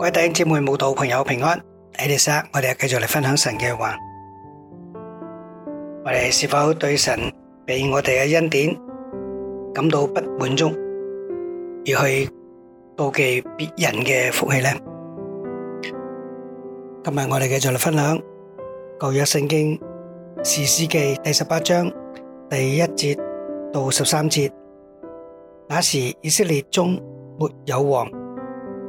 各位弟兄姊妹、慕道朋友平安，阿迪沙，我哋繼續嚟分享神嘅話。我哋是否對神俾我哋嘅恩典感到不滿足，而去妒忌別人嘅福氣呢？今日我哋繼續嚟分享舊約聖經士師記第十八章第一節到十三節。那時以色列中沒有王。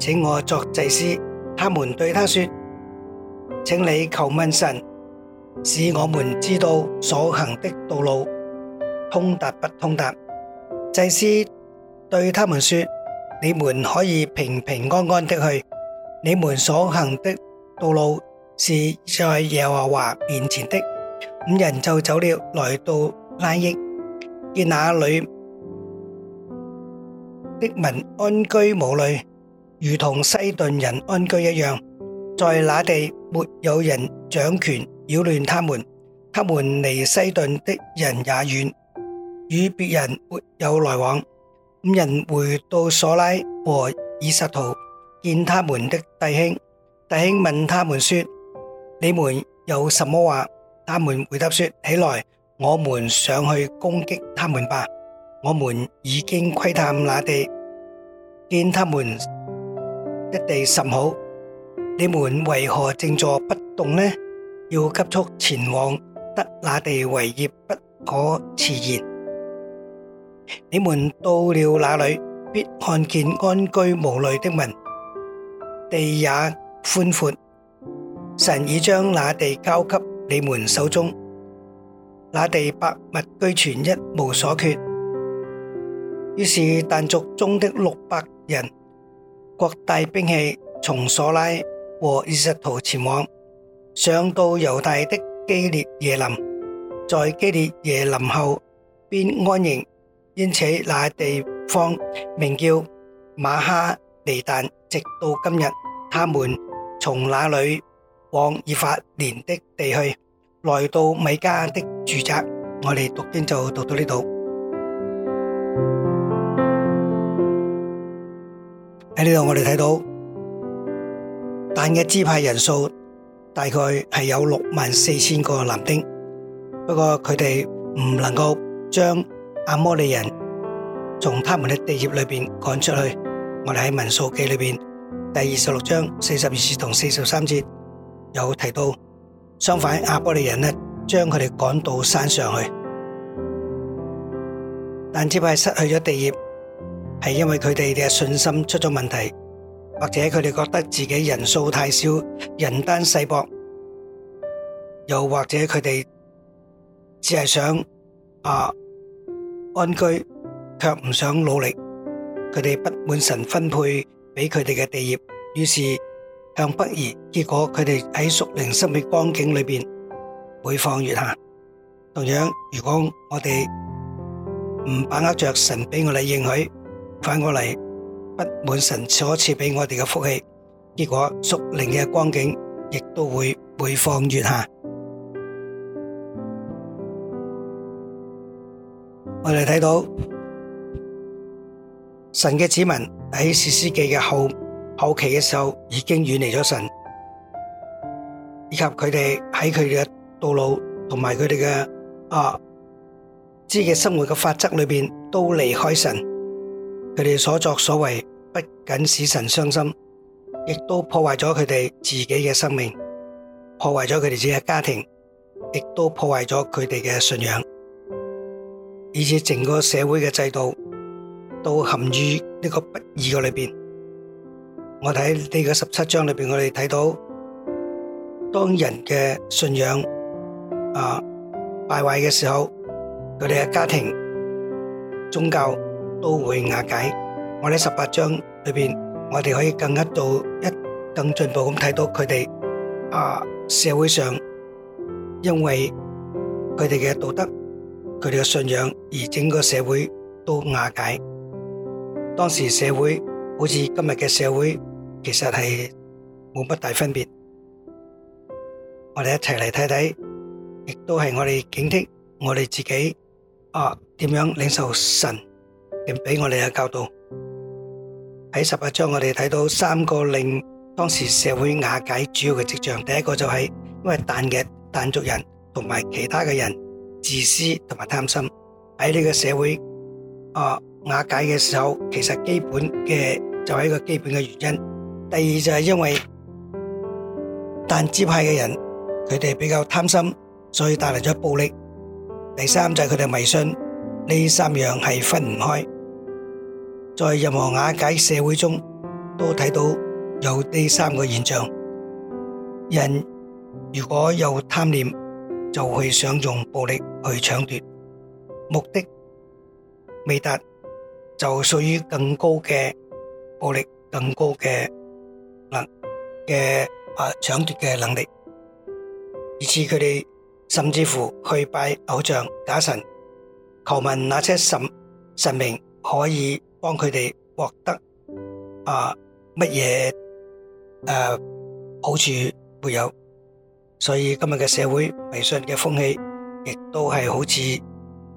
請我作祭司，他們對他說：“請你求問神，使我們知道所行的道路通達不通達。”祭司對他們說：“你們可以平平安安的去，你們所行的道路是在耶和華面前的。”五人就走了，來到拉億，見那裏的民安居無慮。如同西頓人安居一樣，在那地沒有人掌權擾亂他們，他們離西頓的人也遠，與別人沒有來往。五人回到所拉和以實圖，見他們的弟兄，弟兄問他們說：你們有什麼話？他們回答說：起來，我們上去攻擊他們吧。我們已經窺探那地，見他們。一地甚好，你們為何靜坐不動呢？要急速前往得那地為業，不可遲延。你們到了那裏，必看見安居無慮的民，地也寬闊。神已將那地交給你們手中，那地百物俱全，一無所缺。於是但族中的六百人。攜帶兵器，從瑣拉和以實陶前往，上到猶大的基列耶琳，在基列耶琳後邊安營，因此那地方名叫瑪哈尼但。直到今日，他們從那裏往以法蓮的地去，來到米迦的住宅。我哋讀經就讀到呢度。喺呢度，我哋睇到但嘅支派人數大概係有六萬四千個男丁，不過佢哋唔能夠將亞摩利人從他們嘅地業裏邊趕出去。我哋喺民數記裏邊第二十六章四十二節同四十三節有提到，相反亞摩利人呢，將佢哋趕到山上去，但支派失去咗地業。係因為佢哋嘅信心出咗問題，或者佢哋覺得自己人數太少，人單勢薄，又或者佢哋只係想啊安居，卻唔想努力，佢哋不滿神分配俾佢哋嘅地業，於是向北移。結果佢哋喺屬靈生命光景裏邊會放越下。同樣，如果我哋唔把握着神俾我哋應許。反過嚟，不滿神所賜俾我哋嘅福氣，結果屬靈嘅光景亦都會會每況愈下。我哋睇到神嘅子民喺士師記嘅後後期嘅時候，已經遠離咗神，以及佢哋喺佢嘅道路同埋佢哋嘅啊，自己的生活嘅法則裏面都離開神。佢哋所作所為不僅使神傷心，亦都破壞咗佢哋自己嘅生命，破壞咗佢哋自己嘅家庭，亦都破壞咗佢哋嘅信仰，而且整個社會嘅制度都陷於呢個不義嘅裏邊。我睇呢個十七章裏邊，我哋睇到當人嘅信仰啊敗壞嘅時候，佢哋嘅家庭、宗教。都會瓦解。我哋喺十八章裏邊，我哋可以更加做一更進步咁睇到佢哋啊，社會上因為佢哋嘅道德、佢哋嘅信仰而整個社會都瓦解。當時社會好似今日嘅社會，其實係冇乜大分別。我哋一齊嚟睇睇，亦都係我哋警惕我哋自己啊，點樣領受神。俾我哋嘅教導喺十八章，我哋睇到三個令當時社會瓦解主要嘅迹象。第一個就係因為但嘅但族人同埋其他嘅人自私同埋貪心，喺呢個社會啊瓦解嘅時候，其實基本嘅就係一個基本嘅原因。第二就係因為但支派嘅人佢哋比較貪心，所以帶嚟咗暴力。第三就係佢哋迷信。呢三樣係分唔開，在任何瓦解社會中都睇到有呢三個現象。人如果有貪念，就會想用暴力去搶奪，目的未達就屬於更高嘅暴力、更高嘅能嘅啊搶奪嘅能力。以至，佢哋甚至乎去拜偶像、假神。求問那些神神明可以幫佢哋獲得啊乜嘢誒好處冇？所以今日嘅社會迷信嘅風氣，亦都係好似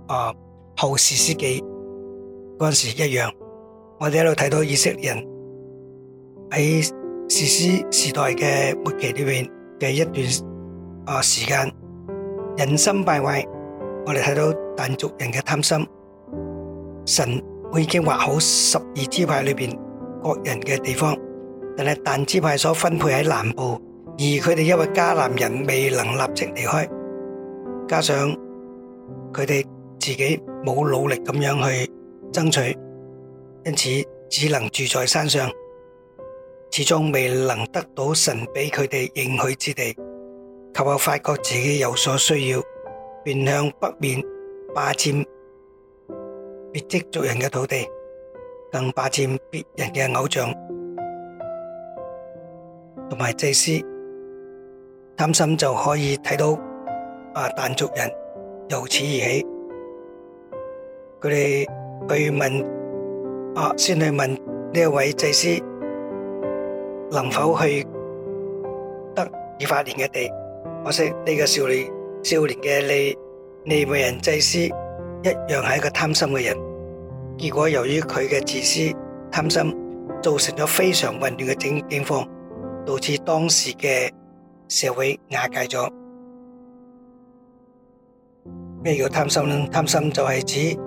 啊後士師記嗰陣時一樣，我哋喺度睇到以色列人喺士師時代嘅末期裏面嘅一段啊時間，人心敗壞。我哋睇到但族人嘅貪心，神我已經劃好十二支派裏面，各人嘅地方，但係但支派所分配喺南部，而佢哋因為迦南人未能立即離開，加上佢哋自己冇努力咁樣去爭取，因此只能住在山上，始終未能得到神俾佢哋應許之地，及後發覺自己有所需要。便向北面霸佔別支族人嘅土地，更霸佔別人嘅偶像同埋祭司，擔心就可以睇到啊！但族人由此而起，佢哋去問啊，先去問呢一位祭司，能否去得以法蓮嘅地？可惜呢個少女。少年嘅利，利未人祭司，一樣係一個貪心嘅人。結果由於佢嘅自私貪心，造成咗非常混亂嘅境況方，導致當時嘅社會瓦解咗。咩叫貪心呢？貪心就係指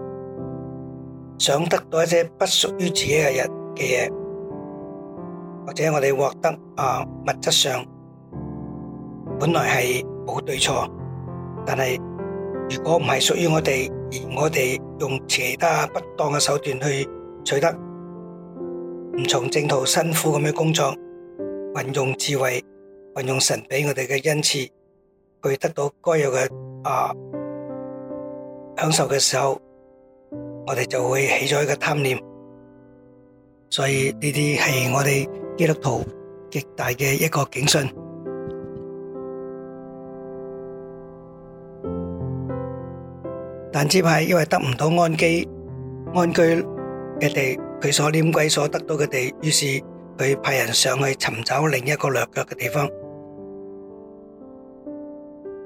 想得到一啲不屬於自己嘅人嘅嘢，或者我哋獲得啊物質上本來係冇對錯。但係，如果唔係屬於我哋，而我哋用其他不當嘅手段去取得，唔從正途辛苦噉樣工作，運用智慧、運用神畀我哋嘅恩賜去得到該有嘅啊享受嘅時候，我哋就會起咗一個貪念。所以呢啲係我哋基督徒極大嘅一個警訊。但支派因為得唔到安居安居嘅地，佢所念鬼所得到嘅地，於是佢派人上去尋找另一個落腳嘅地方。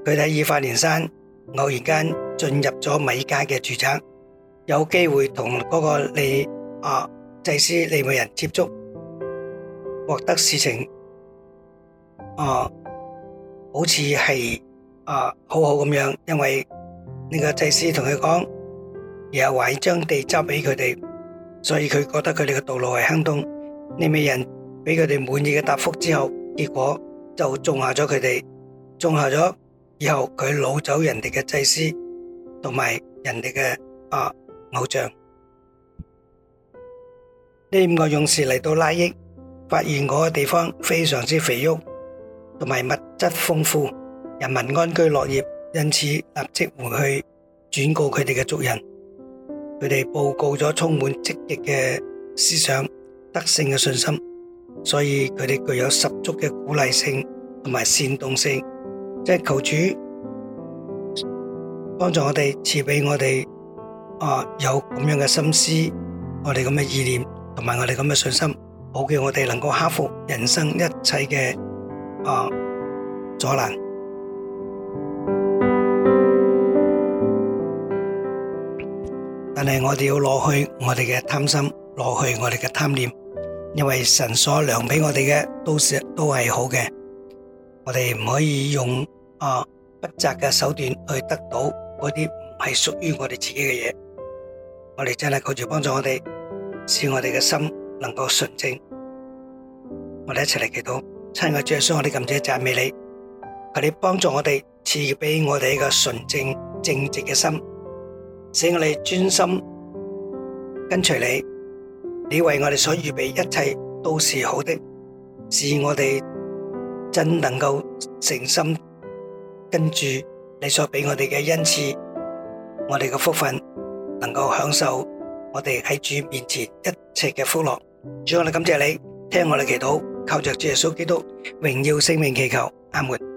佢喺以法蓮山偶然間進入咗米迦嘅住宅，有機會同嗰個利未啊祭司利未人接觸，獲得事情啊好似係啊好好咁樣，因為。呢個祭司同佢講，又話要將地執俾佢哋，所以佢覺得佢哋嘅道路係亨通。呢位人俾佢哋滿意嘅答覆之後，結果就種下咗佢哋，種下咗以後佢擄走人哋嘅祭司同埋人哋嘅啊偶像。呢五個勇士嚟到拉億，發現嗰個地方非常之肥沃，同埋物質豐富，人民安居樂業。因此，立即回去轉告佢哋嘅族人，佢哋報告咗充滿積極嘅思想，得勝嘅信心，所以佢哋具有十足嘅鼓勵性同埋煽動性。即係求主幫助我哋，賜俾我哋啊有咁樣嘅心思，我哋咁嘅意念，同埋我哋咁嘅信心，好叫我哋能夠克服人生一切嘅啊阻難。但係我哋要攞去我哋嘅貪心，攞去我哋嘅貪念，因為神所量俾我哋嘅都是都係好嘅。我哋唔可以用啊不擇嘅手段去得到嗰啲唔係屬於我哋自己嘅嘢。我哋真係求主幫助我哋，使我哋嘅心能夠純正。我哋一齊嚟祈禱，親愛的主耶穌，我哋感謝讚美你，求你幫助我哋賜俾我哋一個純正正直嘅心。使我哋專心跟隨你，你為我哋所預備一切都是好的，使我哋真能夠誠心跟住你所俾我哋嘅恩賜，我哋嘅福分能夠享受我哋喺主面前一切嘅福樂。主，我哋感謝你，聽我哋祈禱，靠着主耶穌基督榮耀聖名祈求，阿門。